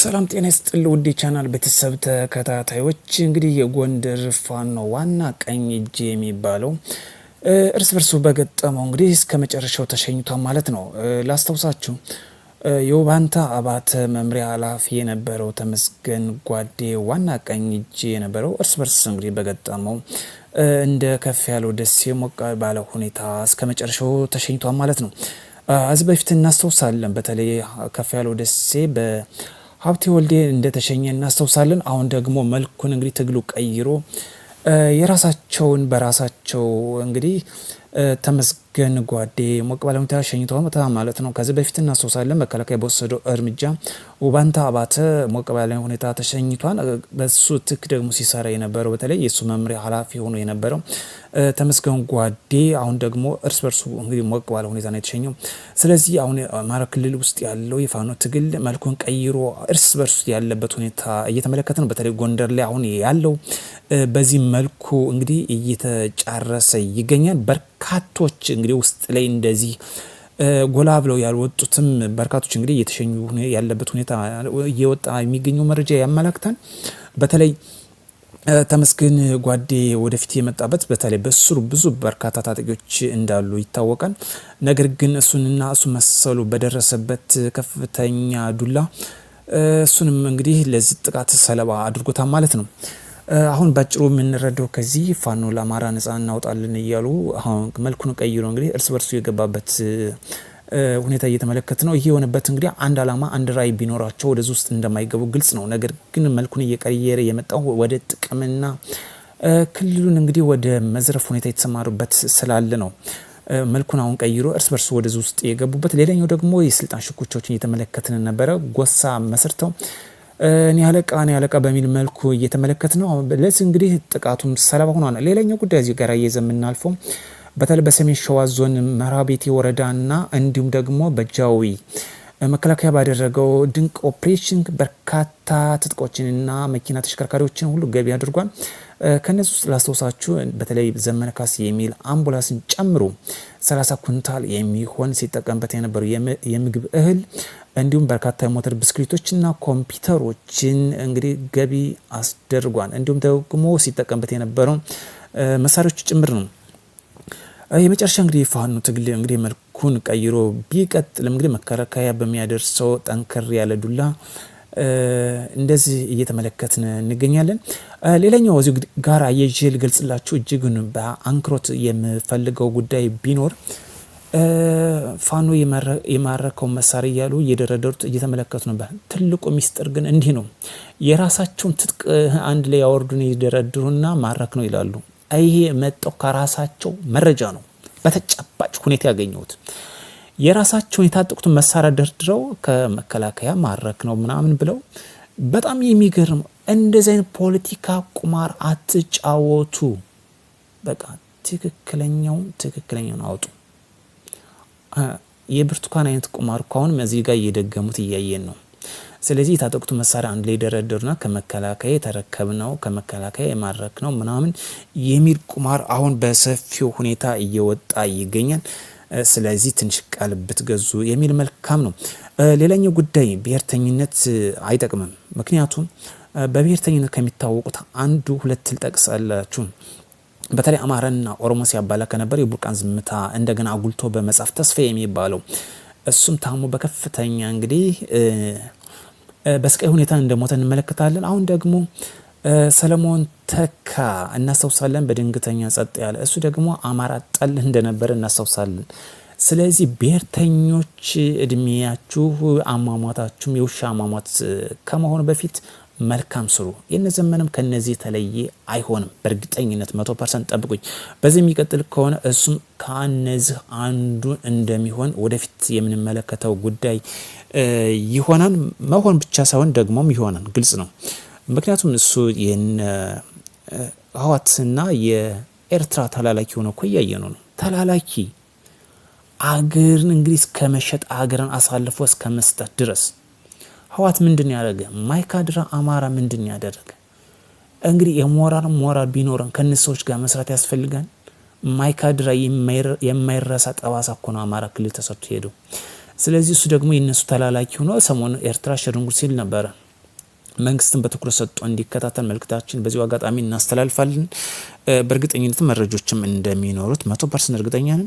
ሰላም ጤና ይስጥል ውድ ቻናል ቤተሰብ ተከታታዮች፣ እንግዲህ የጎንደር ፋኖ ዋና ቀኝ እጅ የሚባለው እርስ በርሱ በገጠመው እንግዲህ እስከ መጨረሻው ተሸኝቷ ማለት ነው። ላስታውሳችሁ የውባንታ አባተ መምሪያ ኃላፊ የነበረው ተመስገን ጓዴ ዋና ቀኝ እጅ የነበረው እርስ በርስ እንግዲህ በገጠመው እንደ ከፍ ያለው ደሴ ሞቅ ባለ ሁኔታ እስከ መጨረሻው ተሸኝቷ ማለት ነው። እዚህ በፊት እናስታውሳለን። በተለይ ከፍ ያለው ደሴ በ ሀብቴ ወልዴ እንደተሸኘ እናስታውሳለን። አሁን ደግሞ መልኩን እንግዲህ ትግሉ ቀይሮ የራሳቸውን በራሳቸው እንግዲህ ተመስገን ጓዴ ሞቅ ባለሙያ ሸኝተዋል ማለት ነው። ከዚህ በፊት እናስታውሳለን መከላከያ በወሰደው እርምጃ ኡባንታ አባተ ሞቅ ባለ ሁኔታ ተሸኝቷል። በሱ ትክ ደግሞ ሲሰራ የነበረው በተለይ የእሱ መምሪያ ኃላፊ ሆኖ የነበረው ተመስገን ጓዴ አሁን ደግሞ እርስ በርሱ እንግዲህ ሞቅ ባለ ሁኔታ ነው የተሸኘው። ስለዚህ አሁን አማራ ክልል ውስጥ ያለው የፋኖ ትግል መልኩን ቀይሮ እርስ በርሱ ያለበት ሁኔታ እየተመለከተ ነው። በተለይ ጎንደር ላይ አሁን ያለው በዚህ መልኩ እንግዲህ እየተጨረሰ ይገኛል። በርካቶች እንግዲህ ውስጥ ላይ እንደዚህ ጎላ ብለው ያልወጡትም በርካቶች እንግዲህ እየተሸኙ ያለበት ሁኔታ እየወጣ የሚገኘው መረጃ ያመላክታል። በተለይ ተመስገን ጓዴ ወደፊት የመጣበት በተለይ በስሩ ብዙ በርካታ ታጣቂዎች እንዳሉ ይታወቃል። ነገር ግን እሱንና እሱ መሰሉ በደረሰበት ከፍተኛ ዱላ እሱንም እንግዲህ ለዚህ ጥቃት ሰለባ አድርጎታል ማለት ነው። አሁን ባጭሩ የምንረዳው ከዚህ ፋኖ ለአማራ ነጻ እናውጣለን እያሉ አሁን መልኩን ቀይሮ እንግዲህ እርስ በርሱ የገባበት ሁኔታ እየተመለከት ነው። ይህ የሆነበት እንግዲህ አንድ አላማ አንድ ራይ ቢኖራቸው ወደዚ ውስጥ እንደማይገቡ ግልጽ ነው። ነገር ግን መልኩን እየቀየረ የመጣው ወደ ጥቅምና ክልሉን እንግዲህ ወደ መዝረፍ ሁኔታ የተሰማሩበት ስላለ ነው። መልኩን አሁን ቀይሮ እርስ በርሱ ወደዚ ውስጥ የገቡበት። ሌላኛው ደግሞ የስልጣን ሽኩቻዎችን እየተመለከትን ነበረ። ጎሳ መስርተው እኔ አለቃ እኔ አለቃ በሚል መልኩ እየተመለከት ነው። ለዚህ እንግዲህ ጥቃቱም ሰለባ ሆኗል። ሌላኛው ጉዳይ እዚህ ጋር እየዘ የምናልፈው በተለይ በሰሜን ሸዋ ዞን መራቤቴ ወረዳና እንዲሁም ደግሞ በጃዊ መከላከያ ባደረገው ድንቅ ኦፕሬሽን በርካታ ትጥቆችንና መኪና ተሽከርካሪዎችን ሁሉ ገቢ አድርጓል። ከነሱ ውስጥ ላስታውሳችሁ በተለይ ዘመነ ካሴ የሚል አምቡላንስን ጨምሮ 30 ኩንታል የሚሆን ሲጠቀምበት የነበረው የምግብ እህል እንዲሁም በርካታ የሞተር ብስክሌቶችና ኮምፒውተሮችን እንግዲህ ገቢ አስደርጓል። እንዲሁም ደግሞ ሲጠቀምበት የነበረው መሳሪያዎች ጭምር ነው። የመጨረሻ እንግዲህ ፋኖ ትግል እንግዲህ መልኩን ቀይሮ ቢቀጥልም እንግዲህ መከላከያ በሚያደርሰው ጠንከር ያለ ዱላ እንደዚህ እየተመለከትን እንገኛለን። ሌላኛው እዚሁ ጋር የጅል ገልጽላችሁ እጅግን በአንክሮት የምፈልገው ጉዳይ ቢኖር ፋኖ የማረከው መሳሪያ እያሉ እየደረደሩት እየተመለከቱ ነበር። ትልቁ ሚስጥር ግን እንዲህ ነው። የራሳቸውን ትጥቅ አንድ ላይ ያወርዱን የደረድሩና ማረክ ነው ይላሉ። ይሄ መጣው ከራሳቸው መረጃ ነው፣ በተጨባጭ ሁኔታ ያገኘሁት የራሳቸው የታጠቁትን መሳሪያ ደርድረው ከመከላከያ ማድረግ ነው ምናምን ብለው በጣም የሚገርም እንደዚህ አይነት ፖለቲካ ቁማር አትጫወቱ። በቃ ትክክለኛውን ትክክለኛውን አውጡ። የብርቱካን አይነት ቁማር እኮ አሁንም እዚህ ጋር እየደገሙት እያየን ነው። ስለዚህ የታጠቁት መሳሪያ አንድ ላይ ደረደሩና ከመከላከያ የተረከብ ነው ከመከላከያ የማድረግ ነው ምናምን የሚል ቁማር አሁን በሰፊው ሁኔታ እየወጣ ይገኛል። ስለዚህ ትንሽ ቃል ብትገዙ የሚል መልካም ነው። ሌላኛው ጉዳይ ብሔርተኝነት አይጠቅምም። ምክንያቱም በብሔርተኝነት ከሚታወቁት አንዱ ሁለት ልጠቅሳላችሁ። በተለይ አማራና ኦሮሞ ሲያባላ ከነበር የቡርቃን ዝምታ እንደገና አጉልቶ በመጻፍ ተስፋ የሚባለው እሱም ታሞ በከፍተኛ እንግዲህ በስቃይ ሁኔታ እንደሞተ እንመለከታለን። አሁን ደግሞ ሰለሞን ተካ እናስታውሳለን። በድንግተኛ ጸጥ ያለ እሱ ደግሞ አማራ ጠል እንደነበረ እናስታውሳለን። ስለዚህ ብሔርተኞች እድሜያችሁ፣ አሟሟታችሁም የውሻ አሟሟት ከመሆኑ በፊት መልካም ስሩ። ይህን ዘመንም ከነዚህ የተለየ አይሆንም። በእርግጠኝነት መቶ ፐርሰንት ጠብቁኝ። በዚህ የሚቀጥል ከሆነ እሱም ከነዚህ አንዱ እንደሚሆን ወደፊት የምንመለከተው ጉዳይ ይሆናል። መሆን ብቻ ሳይሆን ደግሞም ይሆናል። ግልጽ ነው። ምክንያቱም እሱ ህዋትና የኤርትራ ተላላኪ ሆነ እኮ እያየኑ ነው ተላላኪ አገርን እንግዲህ እስከ መሸጥ አገርን አሳልፎ እስከ መስጠት ድረስ ህዋት ምንድን ያደረገ ማይካድራ አማራ ምንድን ያደረገ እንግዲህ የሞራል ሞራል ቢኖረን ከእነዚህ ሰዎች ጋር መስራት ያስፈልጋል። ማይካድራ የማይረሳ ጠባሳ እኮ ነው አማራ ክልል ተሰርቶ ሄደው። ስለዚህ እሱ ደግሞ የነሱ ተላላኪ ሆኖ ሰሞኑ ኤርትራ ሸርንጉድ ሲል ነበረ። መንግስትን በትኩረት ሰጥቶ እንዲከታተል መልእክታችን በዚሁ አጋጣሚ እናስተላልፋለን። በእርግጠኝነት መረጆችም እንደሚኖሩት መቶ ፐርሰንት እርግጠኛ ነን።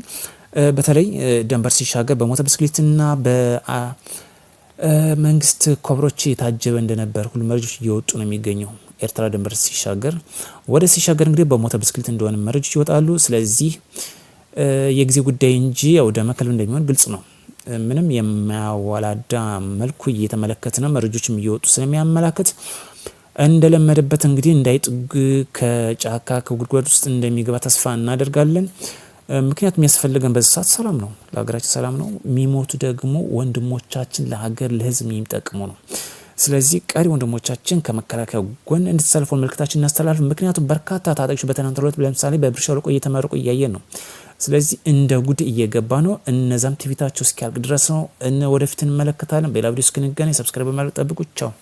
በተለይ ደንበር ሲሻገር በሞተር ብስክሌትና በመንግስት ኮብሮች የታጀበ እንደነበር ሁሉ መረጆች እየወጡ ነው የሚገኘው። ኤርትራ ደንበር ሲሻገር ወደ ሲሻገር እንግዲህ በሞተር ብስክሌት እንደሆነ መረጆች ይወጣሉ። ስለዚህ የጊዜ ጉዳይ እንጂ ያው መከልብ እንደሚሆን ግልጽ ነው። ምንም የማያወላዳ መልኩ እየተመለከት ነው። መረጆችም እየወጡ ስለሚያመላክት እንደለመደበት እንግዲህ እንዳይጥግ ከጫካ ከጉድጓድ ውስጥ እንደሚገባ ተስፋ እናደርጋለን። ምክንያቱም የሚያስፈልገን በዚህ ሰዓት ሰላም ነው፣ ለሀገራችን ሰላም ነው። የሚሞቱ ደግሞ ወንድሞቻችን ለሀገር ለህዝብ የሚጠቅሙ ነው። ስለዚህ ቀሪ ወንድሞቻችን ከመከላከያ ጎን እንድትሰልፈው መልክታችን እናስተላልፍ። ምክንያቱም በርካታ ታጣቂዎች በትናንትናው ለምሳሌ በብርሻ ልቆ እየተመረቁ እያየን ነው። ስለዚህ እንደ ጉድ እየገባ ነው። እነዛም ትቪታቸው እስኪያልቅ ድረስ ነው። ወደፊት እንመለከታለን። በሌላ ቪዲዮ እስክንገናኝ ሰብስክራይብ በማድረግ ጠብቁ። ቻው